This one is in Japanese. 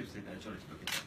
Chips Secretary George Dukakis.